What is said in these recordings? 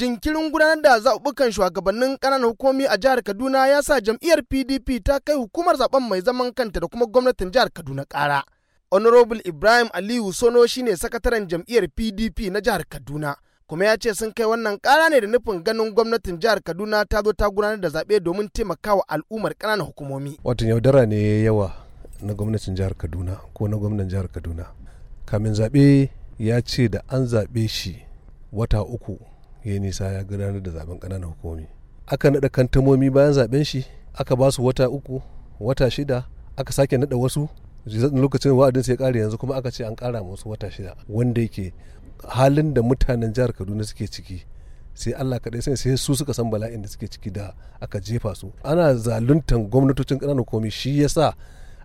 jinkirin gudanar da zaɓuɓɓukan shugabannin ƙananan hukumi a jihar Kaduna ya sa jam'iyyar PDP ta kai hukumar zaben mai zaman kanta da kuma gwamnatin jihar Kaduna ƙara. Honorable Ibrahim Aliyu Sono shine sakataren jam'iyyar PDP na jihar Kaduna. kuma ya ce sun kai wannan ƙara ne da nufin ganin gwamnatin jihar kaduna ta zo ta gudanar da zaɓe domin taimakawa al'ummar ƙananan hukumomi watan yaudara ne yawa na gwamnatin jihar kaduna ko na gwamnan jihar kaduna kamin zaɓe ya ce da an zaɓe shi wata uku ya nisa ya gudanar da zaben ƙananan hukumomi aka naɗa kantamomi bayan zaben shi aka ba su wata uku wata shida aka sake naɗa wasu lokacin wa'adin sai ya ƙare yanzu kuma aka ce an ƙara musu wata shida wanda yake halin da mutanen jihar kaduna suke ciki sai allah kaɗai sai sai su suka san bala'in da suke ciki da aka jefa su ana zaluntan gwamnatocin ƙananan komi shi yasa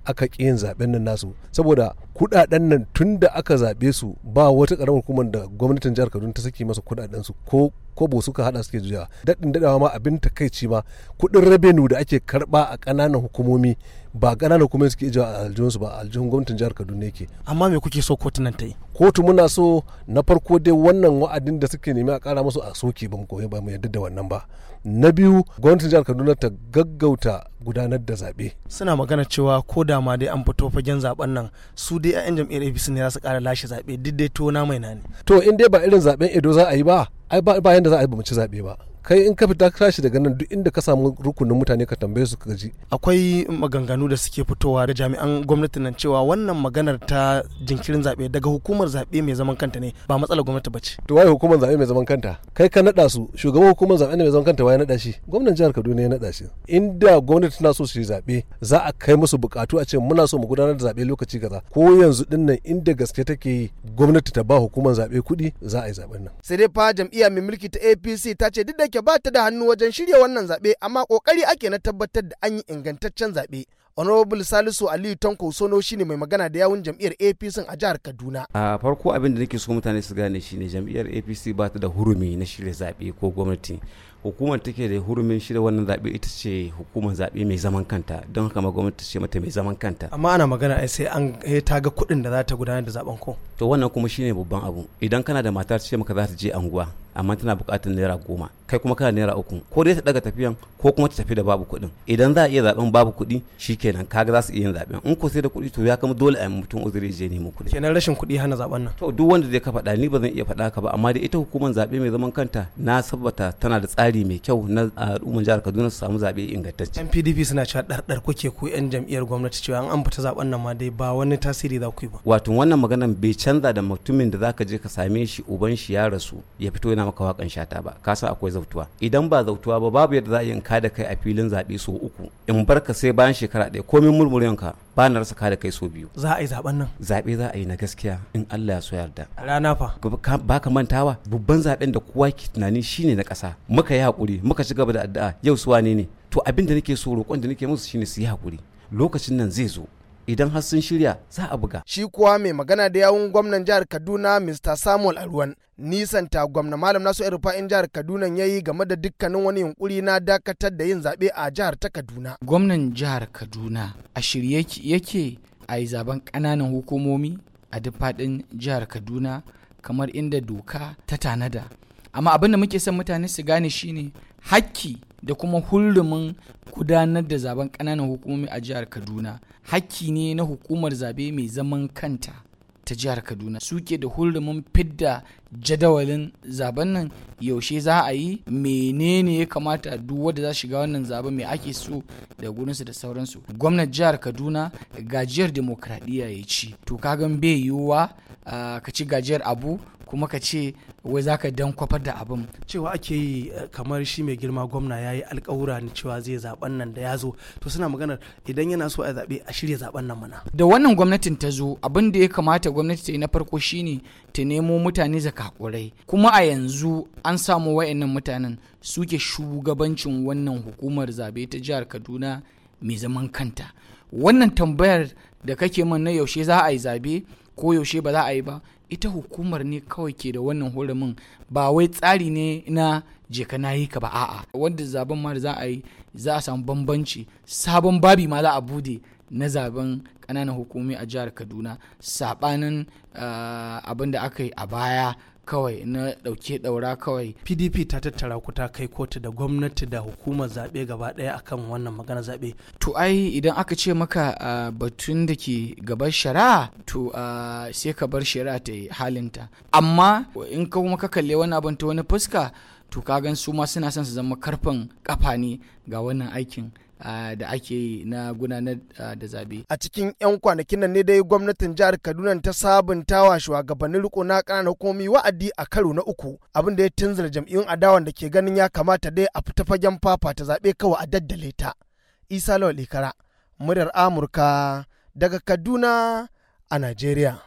aka ƙi yin zaɓen nan nasu saboda kuɗaɗen nan tun da aka zaɓe su ba wata ƙaramar hukumar da gwamnatin jihar kaduna ta saki masa kuɗaɗen su ko kobo suka hada suke juya daɗin daɗawa ma abin takaici ma kuɗin rabenu da ake karɓa a ƙananan hukumomi ba ƙananan kuma suke ijiyar a aljihunsu ba aljihun gwamnatin jihar kaduna yake amma me kuke so kotu nan ta yi kotu muna so na farko dai wannan wa'adin da suke nemi a ƙara musu a soke ba mu koyi ba mu yarda da wannan ba na biyu gwamnatin jihar kaduna ta gaggauta gudanar da zaɓe. suna magana cewa ko da ma dai an fito fagen zaɓen nan su dai 'ya'yan jam'iyyar apc ne za su ƙara lashe zaɓe duk dai tona mai na ne. to in dai ba irin zaɓen edo za a yi ba ai ba yanda za a yi ba mu ci zaɓe ba kai in ka fita tashi daga nan duk inda ka samu rukunin mutane ka tambaye su ka ji akwai maganganu da suke fitowa da jami'an gwamnati nan cewa wannan maganar ta jinkirin zaɓe daga hukumar zaɓe mai zaman kanta ne ba matsalar gwamnati ba ce to wai hukumar zaɓe mai zaman kanta kai ka naɗa su shugaban hukumar zaɓe mai zaman kanta wai naɗa shi gwamnan jihar Kaduna ya naɗa shi inda gwamnati tana so su yi zaɓe za a kai musu bukatu a ce muna so mu gudanar da zaɓe lokaci kaza ko yanzu din nan inda gaske take yi gwamnati ta ba hukumar zaɓe kuɗi za a yi zaɓen nan sai dai fa jam'iyya mai mulki ta APC ta ce duk da yake ba ta da hannu wajen shirya wannan zaɓe amma ƙoƙari ake na tabbatar da an yi ingantaccen zaɓe. honorable salisu aliyu tanko sono shine mai magana da yawun jam'iyyar apc a jihar kaduna a farko abin da nake so mutane su gane shine jam'iyyar apc ba ta da hurumi na shirya zaɓe ko gwamnati hukumar take da hurumin shirya wannan zaɓe ita ce hukumar zaɓe mai zaman kanta don haka ma gwamnati ce mata mai zaman kanta amma ana magana ai sai an eh, ta ga kuɗin da za ta gudanar da zaben ko to wannan kuma shine babban abu idan kana da matar ce maka za ta je anguwa amma tana buƙatar naira goma kai kuma kana naira uku ko dai ta daga tafiyan ko kuma ta tafi da babu kuɗin idan za a iya zaben babu kuɗi shi shikenan kaga za su iya yin zaben in ko sai da kuɗi to ya kama dole a mutum uzuri je nemo kuɗi kenan rashin kuɗi hana zaben nan to duk wanda zai ka faɗa ni ba zan iya faɗa ka ba amma dai ita hukumar zaɓe mai zaman kanta na sabbata tana da tsari mai kyau na al'ummar jihar Kaduna su samu zaɓe ingantacce yan PDP suna cewa ɗarɗar kuke ku yan jam'iyyar gwamnati cewa an fita zaben nan ma dai ba wani tasiri za ku yi ba wato wannan maganan bai canza da mutumin da zaka je ka same shi uban shi ya rasu ya fito yana kunna maka wakan shata ba ka akwai zautuwa idan ba zautuwa ba babu yadda za a yi in ka da kai a filin zaɓe so uku in bar ka sai bayan shekara ɗaya komin ka ba na rasa ka da kai so biyu za a yi zaɓen nan zaɓe za a yi na gaskiya in Allah ya so yarda rana fa ba ka mantawa babban zaɓen da kowa ke tunani shine na ƙasa muka yi hakuri muka ci gaba da addu'a yau su wane ne to abin da nake so roƙon da nake musu shine su yi hakuri lokacin nan zai zo idan har sun shirya za a buga. Shi kuwa mai magana da yawun gwamnan jihar Kaduna Mr. Samuel Aruwan nisanta gwamna Malam Nasu Irfa'in jihar Kaduna ya yi game da dukkanin wani yunkuri na dakatar da yin zaɓe a jihar ta Kaduna. Gwamnan jihar Kaduna a shirye yake a yi zaben ƙananan hukumomi a duk faɗin jihar Kaduna kamar inda doka ta tanada. amma abin da muke son mutane su gane shine hakki da kuma hurumin gudanar da zaben kananan hukumomi a jihar kaduna hakki ne na hukumar zabe mai zaman kanta ta jihar kaduna suke da hurumin fidda jadawalin zaben nan yaushe za a yi menene ya kamata duk wanda za shiga wannan zaben mai ake so da gurinsu da sauransu gwamnan jihar kaduna gajiyar demokradiyya ya ci to kagan bai yiwuwa Ah, ka ci gajiyar abu kuma ka ce wai za ka dan kwafar da abin cewa ake yi eh, kamar shi mai girma gwamna ya yi alkawura ne cewa zai zaben nan da ya zo to suna maganar idan yana so a zaɓe a shirya zaben nan mana da wannan gwamnatin ta zo abin da ya kamata gwamnati ta yi na farko shine ta nemo mutane zakakurai kuma a yanzu an samu wa'annan mutanen suke shugabancin wannan hukumar zabe ta jihar kaduna mai zaman kanta wannan tambayar da kake man na yaushe za a yi zabe koyaushe ba za a yi ba ita hukumar ne kawai ke da wannan hurumin ba wai tsari ne na jeka na yi ka ba a'a wanda zaben ma da za a yi za a samu bambanci sabon babi ma za a bude na zaben ƙananan hukumi a jihar kaduna saɓanin ah, abin da aka yi a baya kawai na ɗauke ɗaura kawai pdp ta tattara ku ta kai kotu da gwamnati da hukumar zaɓe gaba ɗaya akan wannan magana zaɓe to ai idan aka ce maka batun da ke gabar shari'a to sai ka bar shari'a ta yi halinta amma in ka kuma ka kalle wani abin ta wani fuska to ka gan su ma suna son su zama karfin kafa ne ga wannan aikin da ake na gudanar da zabe. A cikin 'yan kwanakin nan ne dai gwamnatin jihar Kaduna ta sabunta wa shugabannin riko na ƙananan hukumomi wa'adi a karo na uku abin da ya tunzura jam'iyyun adawan da ke ganin ya kamata dai a fita fagen fafa ta zaɓe kawai a daddale ta. Isa Lawal Ikara, muryar Amurka daga Kaduna a Najeriya.